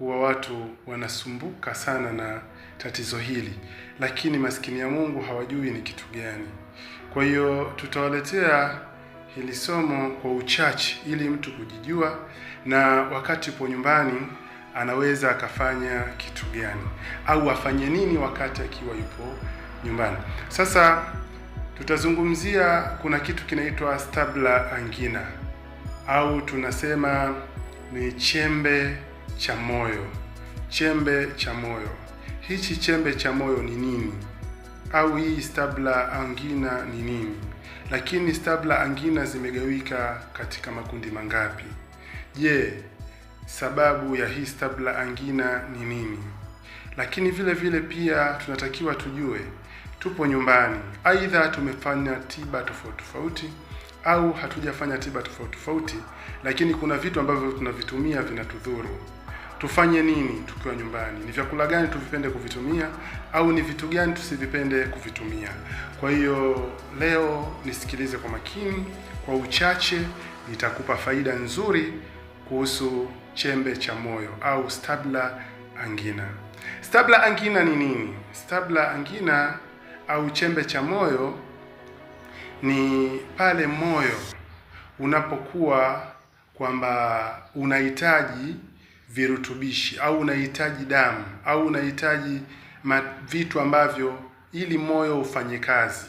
huwa watu wanasumbuka sana na tatizo hili, lakini maskini ya Mungu hawajui ni kitu gani. Kwa hiyo tutawaletea hili somo kwa uchache, ili mtu kujijua, na wakati po nyumbani anaweza akafanya kitu gani au afanye nini wakati akiwa yupo nyumbani. Sasa tutazungumzia, kuna kitu kinaitwa stabla angina au tunasema ni chembe cha moyo, chembe cha moyo. Hichi chembe cha moyo ni nini? Au hii stabla angina ni nini? Lakini stabla angina zimegawika katika makundi mangapi? Je, sababu ya hii stabla angina ni nini? Lakini vile vile pia tunatakiwa tujue tupo nyumbani, aidha tumefanya tiba tofauti tofauti au hatujafanya tiba tofauti tofauti, lakini kuna vitu ambavyo tunavitumia vinatudhuru tufanye nini tukiwa nyumbani, ni vyakula gani tuvipende kuvitumia au ni vitu gani tusivipende kuvitumia. Kwa hiyo leo nisikilize kwa makini, kwa uchache nitakupa faida nzuri kuhusu chembe cha moyo au stabla angina. stabla angina ni nini? stabla angina au chembe cha moyo ni pale moyo unapokuwa kwamba unahitaji virutubishi au unahitaji damu au unahitaji vitu ambavyo ili moyo ufanye kazi.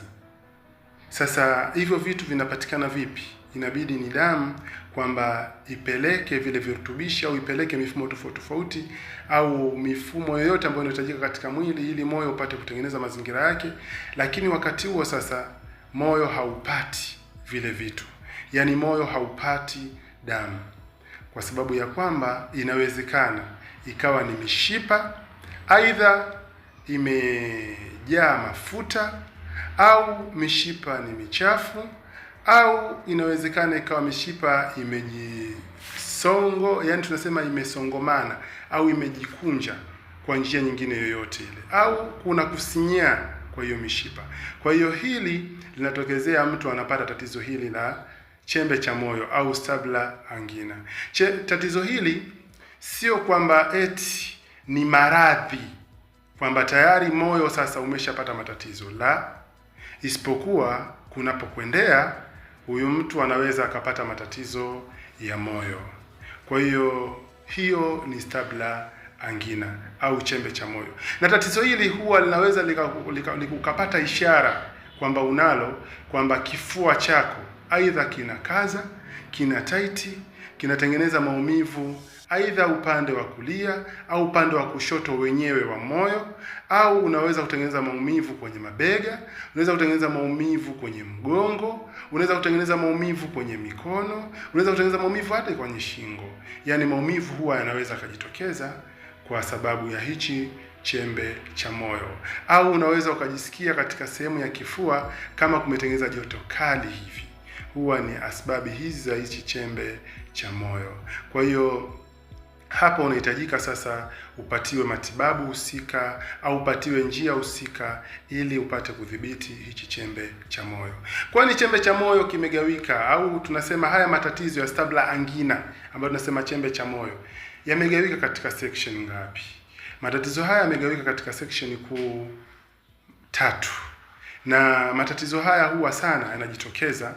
Sasa hivyo vitu vinapatikana vipi? Inabidi ni damu kwamba ipeleke vile virutubishi au ipeleke mifumo tofauti tofauti au mifumo yoyote ambayo inahitajika katika mwili ili moyo upate kutengeneza mazingira yake, lakini wakati huo sasa moyo haupati vile vitu, yaani moyo haupati damu kwa sababu ya kwamba inawezekana ikawa ni mishipa aidha imejaa mafuta au mishipa ni michafu au inawezekana ikawa mishipa imejisongo, yani tunasema imesongomana au imejikunja kwa njia nyingine yoyote ile, au kuna kusinyaa kwa hiyo mishipa. Kwa hiyo hili linatokezea, mtu anapata tatizo hili la chembe cha moyo au stabla angina. Che, tatizo hili sio kwamba eti ni maradhi kwamba tayari moyo sasa umeshapata matatizo, la isipokuwa, kunapokwendea huyu mtu anaweza akapata matatizo ya moyo. Kwa hiyo hiyo ni stabla angina au chembe cha moyo, na tatizo hili huwa linaweza likakupata lika, lika, lika, ishara kwamba unalo, kwamba kifua chako aidha kina kaza kina taiti, kinatengeneza maumivu aidha upande wa kulia au upande wa kushoto wenyewe wa moyo, au unaweza kutengeneza maumivu kwenye mabega, unaweza kutengeneza maumivu kwenye mgongo, unaweza kutengeneza maumivu kwenye mikono, unaweza kutengeneza maumivu hata kwenye shingo. Yaani maumivu huwa yanaweza akajitokeza kwa sababu ya hichi chembe cha moyo, au unaweza ukajisikia katika sehemu ya kifua kama kumetengeneza joto kali hivi huwa ni asbabi hizi za hichi chembe cha moyo. Kwa hiyo hapa unahitajika sasa upatiwe matibabu husika au upatiwe njia husika ili upate kudhibiti hichi chembe cha moyo. Kwani chembe cha moyo kimegawika, au tunasema haya matatizo ya stabla angina ambayo tunasema chembe cha moyo yamegawika katika section ngapi? Matatizo haya yamegawika katika section kuu tatu, na matatizo haya huwa sana yanajitokeza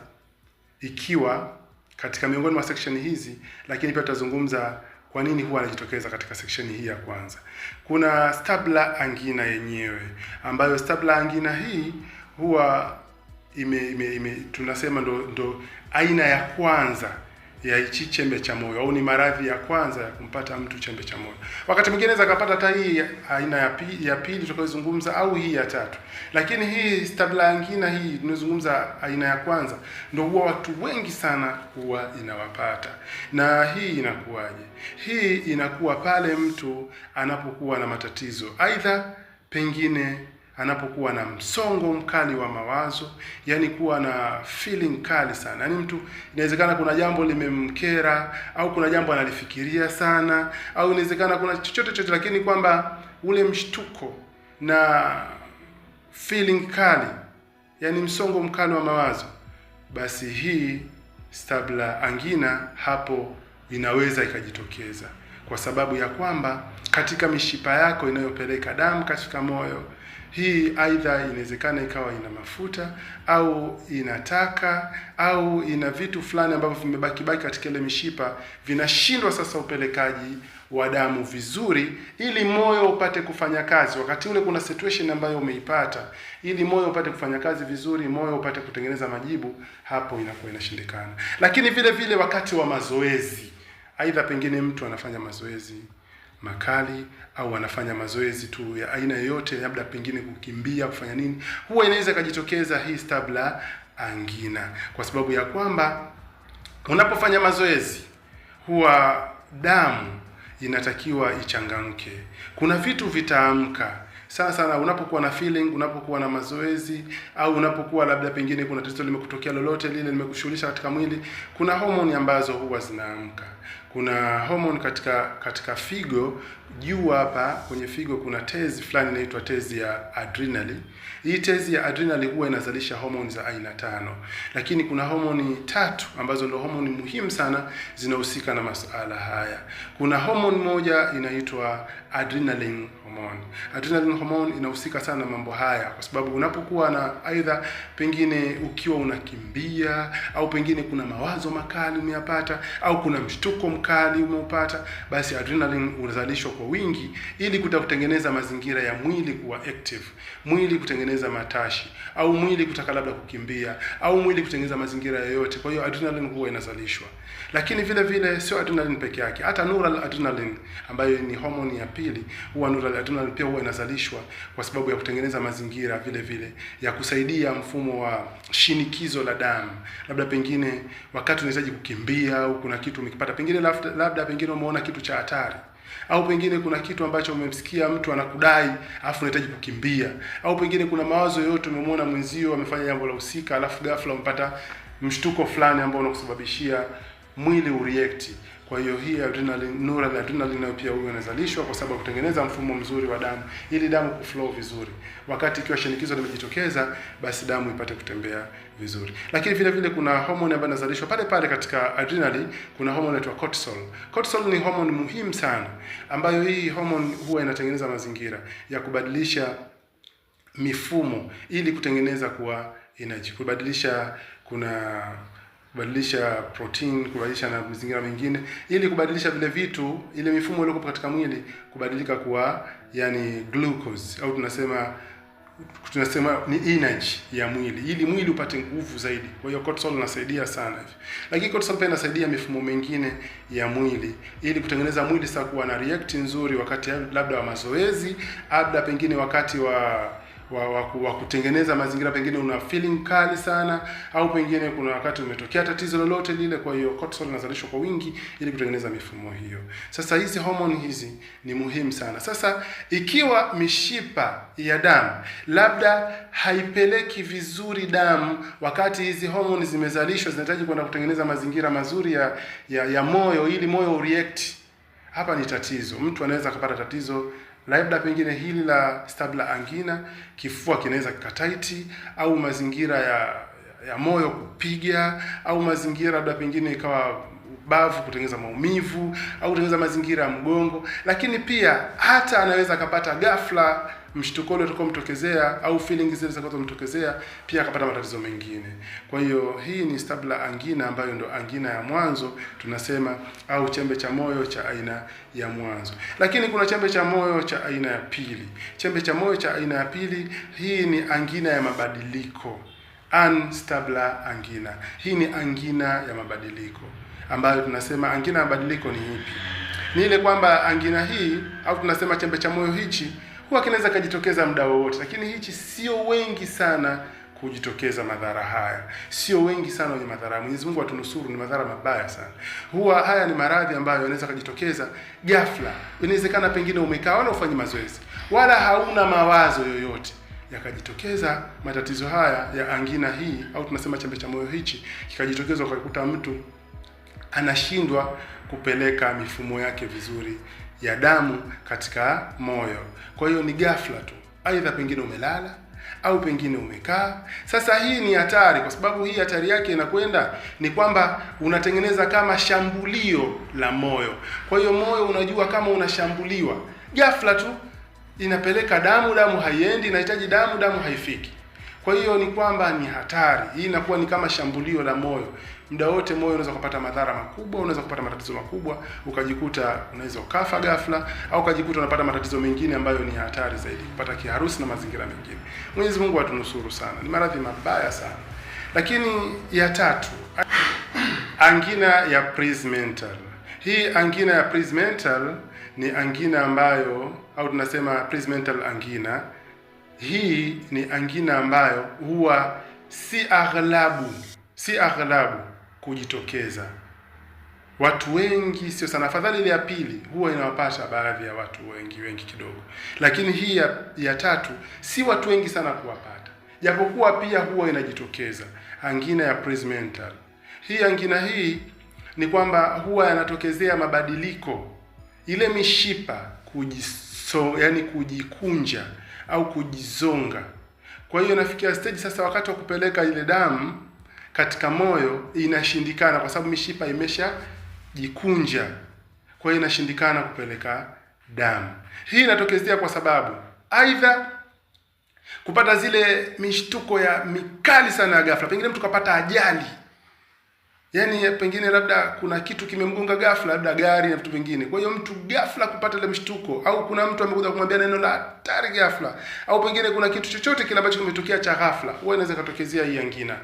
ikiwa katika miongoni mwa section hizi, lakini pia tutazungumza kwa nini huwa anajitokeza katika section hii ya kwanza. Kuna stabla angina yenyewe ambayo stabla angina hii huwa ime, ime, ime tunasema ndo, ndo aina ya kwanza ya hichi chembe cha moyo au ni maradhi ya kwanza ya kumpata mtu chembe cha moyo. Wakati mwingine anaweza kapata hata hii aina ya pili, ya pili tutakayozungumza au hii ya tatu, lakini hii stabila angina hii tunazungumza aina ya kwanza, ndio huwa watu wengi sana huwa inawapata. Na hii inakuwaje? Hii inakuwa pale mtu anapokuwa na matatizo aidha pengine anapokuwa na msongo mkali wa mawazo, yani kuwa na feeling kali sana, yani mtu inawezekana kuna jambo limemkera au kuna jambo analifikiria sana, au inawezekana kuna chochote chochote, lakini kwamba ule mshtuko na feeling kali, yani msongo mkali wa mawazo, basi hii stabla angina hapo inaweza ikajitokeza kwa sababu ya kwamba katika mishipa yako inayopeleka damu katika moyo hii aidha inawezekana ikawa ina mafuta au ina taka au ina vitu fulani ambavyo vimebakibaki katika ile mishipa, vinashindwa sasa upelekaji wa damu vizuri, ili moyo upate kufanya kazi. Wakati ule kuna situation ambayo umeipata, ili moyo upate kufanya kazi vizuri, moyo upate kutengeneza majibu, hapo inakuwa inashindikana. Lakini vile vile wakati wa mazoezi, aidha pengine mtu anafanya mazoezi makali au wanafanya mazoezi tu ya aina yoyote, labda pengine kukimbia, kufanya nini, huwa inaweza ikajitokeza hii stabla angina, kwa sababu ya kwamba unapofanya mazoezi huwa damu inatakiwa ichangamke, kuna vitu vitaamka sana sana unapokuwa na feeling, unapokuwa na mazoezi au unapokuwa labda pengine kuna tatizo limekutokea lolote lile limekushughulisha katika mwili, kuna homoni ambazo huwa zinaamka. Kuna homoni katika katika figo juu hapa kwenye figo kuna tezi fulani inaitwa tezi ya adrenali. Hii tezi ya adrenali huwa inazalisha homoni za aina tano, lakini kuna homoni tatu ambazo ndio homoni muhimu sana zinahusika na masuala haya. Kuna homoni moja inaitwa adrenaline hormone. Adrenaline hormone inahusika sana na mambo haya, kwa sababu unapokuwa na aidha, pengine ukiwa unakimbia au pengine kuna mawazo makali umeyapata au kuna mshtuko mkali umeupata, basi adrenaline unazalishwa kwa wingi ili kuta kutengeneza mazingira ya mwili kuwa active, mwili kutengeneza matashi au mwili kutaka labda kukimbia au mwili kutengeneza mazingira yoyote. Kwa hiyo adrenaline huwa inazalishwa, lakini vile vile sio adrenaline peke yake, hata neural adrenaline ambayo ni homoni ya pili huwa tena pia huwa inazalishwa kwa sababu ya kutengeneza mazingira vile vile ya kusaidia mfumo wa shinikizo la damu, labda pengine wakati unahitaji kukimbia au kuna kitu umekipata pengine, labda, labda pengine umeona kitu cha hatari au pengine kuna kitu ambacho umemsikia mtu anakudai alafu unahitaji kukimbia, au pengine kuna mawazo yoyote umemwona mwenzio amefanya jambo la husika, alafu ghafla umepata mshtuko fulani ambao unakusababishia mwili ureact. Kwa hiyo hii adrenaline, neural adrenaline nayo pia huyo inazalishwa kwa sababu kutengeneza mfumo mzuri wa damu ili damu kuflow vizuri. Wakati ikiwa shinikizo limejitokeza, basi damu ipate kutembea vizuri. Lakini vile vile kuna homoni ambayo inazalishwa pale pale katika adrenaline, kuna homoni inaitwa cortisol. Cortisol ni homoni muhimu sana ambayo hii homoni huwa inatengeneza mazingira ya kubadilisha mifumo ili kutengeneza kuwa energy, kubadilisha kuna kubadilisha protein, kubadilisha na mazingira mengine, ili kubadilisha vile vitu, ile mifumo iliyokuwa katika mwili kubadilika kuwa yani glucose au tunasema tunasema ni energy ya mwili ili mwili upate nguvu zaidi. Kwa hiyo cortisol inasaidia sana hivi, lakini cortisol pia inasaidia mifumo mengine ya mwili ili kutengeneza mwili sasa kuwa na react nzuri wakati labda wa mazoezi, labda pengine wakati wa wa, wa, wa kutengeneza mazingira, pengine una feeling kali sana, au pengine kuna wakati umetokea tatizo lolote lile. Kwa hiyo cortisol inazalishwa kwa wingi ili kutengeneza mifumo hiyo. Sasa hizi homoni hizi ni muhimu sana. Sasa ikiwa mishipa ya damu labda haipeleki vizuri damu, wakati hizi homoni zimezalishwa, zinahitaji kwenda kutengeneza mazingira mazuri ya, ya, ya moyo ili moyo ureact, hapa ni tatizo, mtu anaweza akapata tatizo labda pengine hili la stabla angina, kifua kinaweza kikataiti au mazingira ya ya moyo kupiga au mazingira labda pengine ikawa bavu kutengeneza maumivu au kutengeneza mazingira ya mgongo, lakini pia hata anaweza akapata ghafla mshtuko ule utakuwa mtokezea au feeling zile zitakuwa pia akapata matatizo mengine. Kwa hiyo hii ni stabla angina ambayo ndo angina ya mwanzo tunasema, au chembe cha moyo cha aina ya mwanzo. Lakini kuna chembe cha moyo cha aina ya pili. Chembe cha moyo cha aina ya pili, hii ni angina ya mabadiliko, unstable angina. Hii ni angina ya mabadiliko ambayo tunasema angina ya mabadiliko ni ipi? Ni ile kwamba angina hii au tunasema chembe cha moyo hichi huwa kinaweza kajitokeza muda wowote, lakini hichi sio wengi sana kujitokeza madhara haya, sio wengi sana wenye madhara. Mwenyezi Mungu atunusuru, ni madhara mabaya sana. Huwa haya ni maradhi ambayo yanaweza kujitokeza ghafla. Inawezekana pengine umekaa wala ufanyi mazoezi wala hauna mawazo yoyote, yakajitokeza matatizo haya ya angina hii, au tunasema chembe cha moyo hichi, kikajitokeza ukakuta mtu anashindwa kupeleka mifumo yake vizuri ya damu katika moyo. Kwa hiyo ni ghafla tu, aidha pengine umelala au pengine umekaa. Sasa hii ni hatari, kwa sababu hii hatari yake inakwenda ni kwamba unatengeneza kama shambulio la moyo. Kwa hiyo moyo unajua kama unashambuliwa ghafla tu, inapeleka damu, damu haiendi, inahitaji damu, damu haifiki. Kwa hiyo ni kwamba ni hatari hii, inakuwa ni kama shambulio la moyo muda wote moyo unaweza kupata madhara makubwa, unaweza kupata matatizo makubwa, ukajikuta unaweza ukafa ghafla, au ukajikuta unapata matatizo mengine ambayo ni hatari zaidi, kupata kiharusi na mazingira mengine. Mwenyezi Mungu atunusuru sana, ni maradhi mabaya sana. Lakini ya tatu, angina ya prismental. Hii angina ya prismental ni angina ambayo au tunasema prismental angina. Hii ni angina ambayo huwa si aghlabu si aghlabu kujitokeza. Watu wengi sio sana, afadhali ile ya pili huwa inawapata baadhi ya watu wengi wengi kidogo, lakini hii ya, ya tatu si watu wengi sana kuwapata, japokuwa pia huwa inajitokeza angina ya Prinzmental. Hii angina hii ni kwamba huwa yanatokezea mabadiliko ile mishipa kujiso, yani kujikunja au kujizonga. Kwa hiyo nafikia stage sasa, wakati wa kupeleka ile damu katika moyo inashindikana, kwa sababu mishipa jikunja, kwa hiyo inashindikana kupeleka damu. Hii inatokezea kwa sababu aidha kupata zile mishtuko ya mikali sana ya ghafla, pengine mtu kapata ajali Yaani pengine labda kuna kitu kimemgonga ghafla, labda gari na vitu vingine. Kwa hiyo mtu ghafla kupata ile mshtuko, au kuna mtu amekuja kumwambia neno la hatari ghafla, au pengine kuna kitu chochote kile ambacho kimetokea cha ghafla, huwa inaweza katokezea hii angina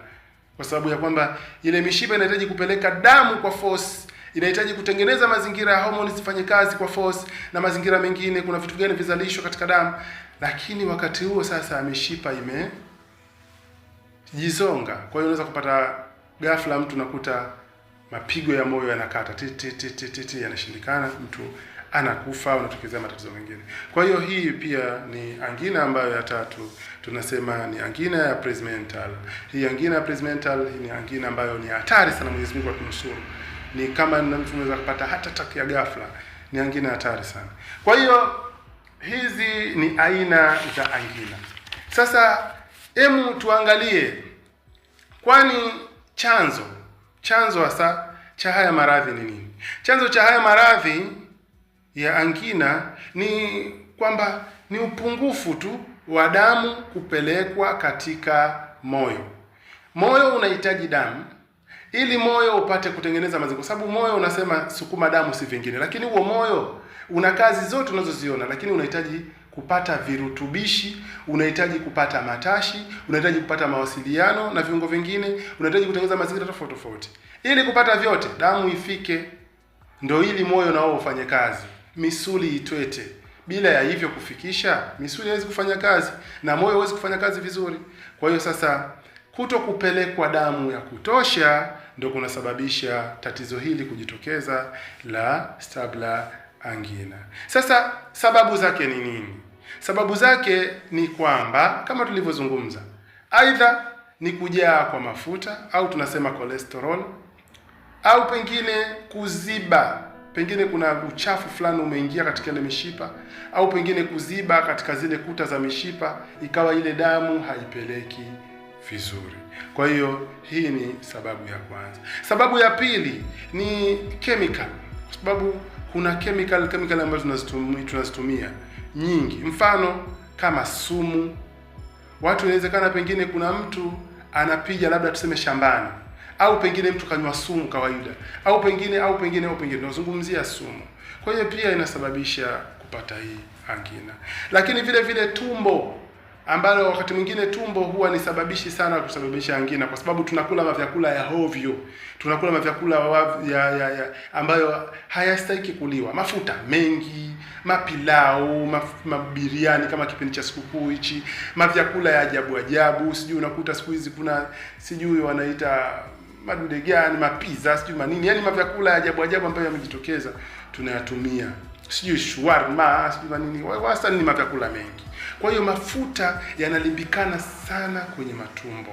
kwa sababu ya kwamba ile mishipa inahitaji kupeleka damu kwa force, inahitaji kutengeneza mazingira ya homoni zifanye kazi kwa force na mazingira mengine, kuna vitu gani vizalishwa katika damu. Lakini wakati huo sasa mishipa imejizonga kwa hiyo unaweza kupata ghafla mtu nakuta mapigo ya moyo yanakata, ti ti ti ti, yanashindikana mtu anakufa, unatokezea matatizo mengine. Kwa hiyo hii pia ni angina ambayo ya tatu tunasema ni angina ya presmental. Hii angina ya presmental ni angina ambayo ni hatari sana, Mwenyezi Mungu atunusuru. Ni kama mtu anaweza kupata hata attack ya ghafla, ni angina hatari sana. Kwa hiyo hizi ni aina za angina. Sasa hebu tuangalie, kwani chanzo chanzo hasa cha haya maradhi ni nini? Chanzo cha haya maradhi ya angina ni kwamba ni upungufu tu wa damu kupelekwa katika moyo. Moyo unahitaji damu ili moyo upate kutengeneza maziko, kwa sababu moyo unasema sukuma damu, si vingine. Lakini huo moyo una kazi zote unazoziona, lakini unahitaji kupata virutubishi, unahitaji kupata matashi, unahitaji kupata mawasiliano na viungo vingine, unahitaji kutengeneza mazingira tofauti tofauti. Ili kupata vyote, damu ifike, ndio ili moyo nao ufanye kazi misuli itwete. Bila ya hivyo kufikisha, misuli haiwezi kufanya kazi na moyo huwezi kufanya kazi vizuri. Kwa hiyo sasa, kuto kupelekwa damu ya kutosha ndio kunasababisha tatizo hili kujitokeza la stabla angina. Sasa sababu zake ni nini? Sababu zake ni kwamba kama tulivyozungumza, aidha ni kujaa kwa mafuta au tunasema cholesterol, au pengine kuziba pengine kuna uchafu fulani umeingia katika ile mishipa au pengine kuziba katika zile kuta za mishipa, ikawa ile damu haipeleki vizuri. Kwa hiyo hii ni sababu ya kwanza. Sababu ya pili ni chemical, kwa sababu kuna chemical chemical ambazo tunazitumia nyingi, mfano kama sumu. Watu inawezekana pengine kuna mtu anapiga labda tuseme shambani au pengine mtu kanywa sumu kawaida, au pengine au pengine au pengine, tunazungumzia sumu. Kwa hiyo pia inasababisha kupata hii angina, lakini vile vile tumbo ambalo wakati mwingine tumbo huwa ni sababishi sana kusababisha angina, kwa sababu tunakula mavyakula ya hovyo, tunakula mavyakula ya, ya, ya ambayo hayastahiki kuliwa, mafuta mengi, mapilau, mabiriani kama kipindi cha sikukuu hichi, mavyakula ya ajabu ajabu, sijui unakuta siku hizi kuna sijui wanaita madude gani, mapiza sijui manini, yani mavyakula ya ajabu ajabu ambayo yamejitokeza tunayatumia, sijui shwarma sijui manini, wastani ni mavyakula mengi. Kwa hiyo mafuta yanalimbikana sana kwenye matumbo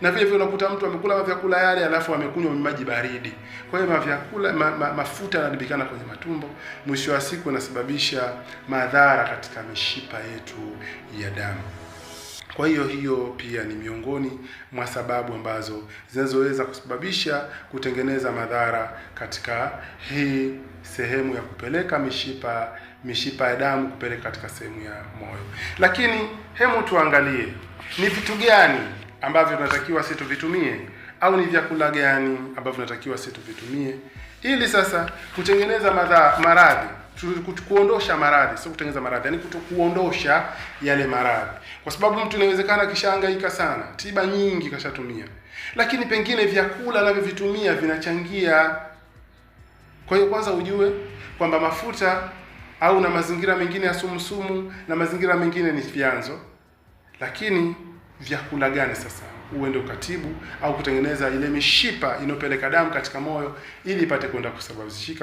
na vile vile unakuta mtu amekula mavyakula yale alafu amekunywa maji baridi. Kwa hiyo mavyakula ma, ma, mafuta yanalimbikana kwenye matumbo, mwisho wa siku yanasababisha madhara katika mishipa yetu ya damu. Kwa hiyo hiyo pia ni miongoni mwa sababu ambazo zinazoweza kusababisha kutengeneza madhara katika hii sehemu ya kupeleka mishipa mishipa ya damu kupeleka katika sehemu ya moyo. Lakini hemu tuangalie ni vitu gani ambavyo tunatakiwa si tuvitumie au ni vyakula gani ambavyo tunatakiwa si tuvitumie ili sasa kutengeneza maradhi kuondosha maradhi, sio kutengeneza maradhi, yani kuondosha yale maradhi, kwa sababu mtu inawezekana kishaangaika sana, tiba nyingi kashatumia, lakini pengine vyakula anavyovitumia vinachangia. Kwa hiyo kwanza ujue kwamba mafuta au na mazingira mengine ya sumusumu na mazingira mengine ni vyanzo, lakini vyakula gani sasa uende ukatibu au kutengeneza ile mishipa inayopeleka damu katika moyo ili ipate kwenda kusababishika.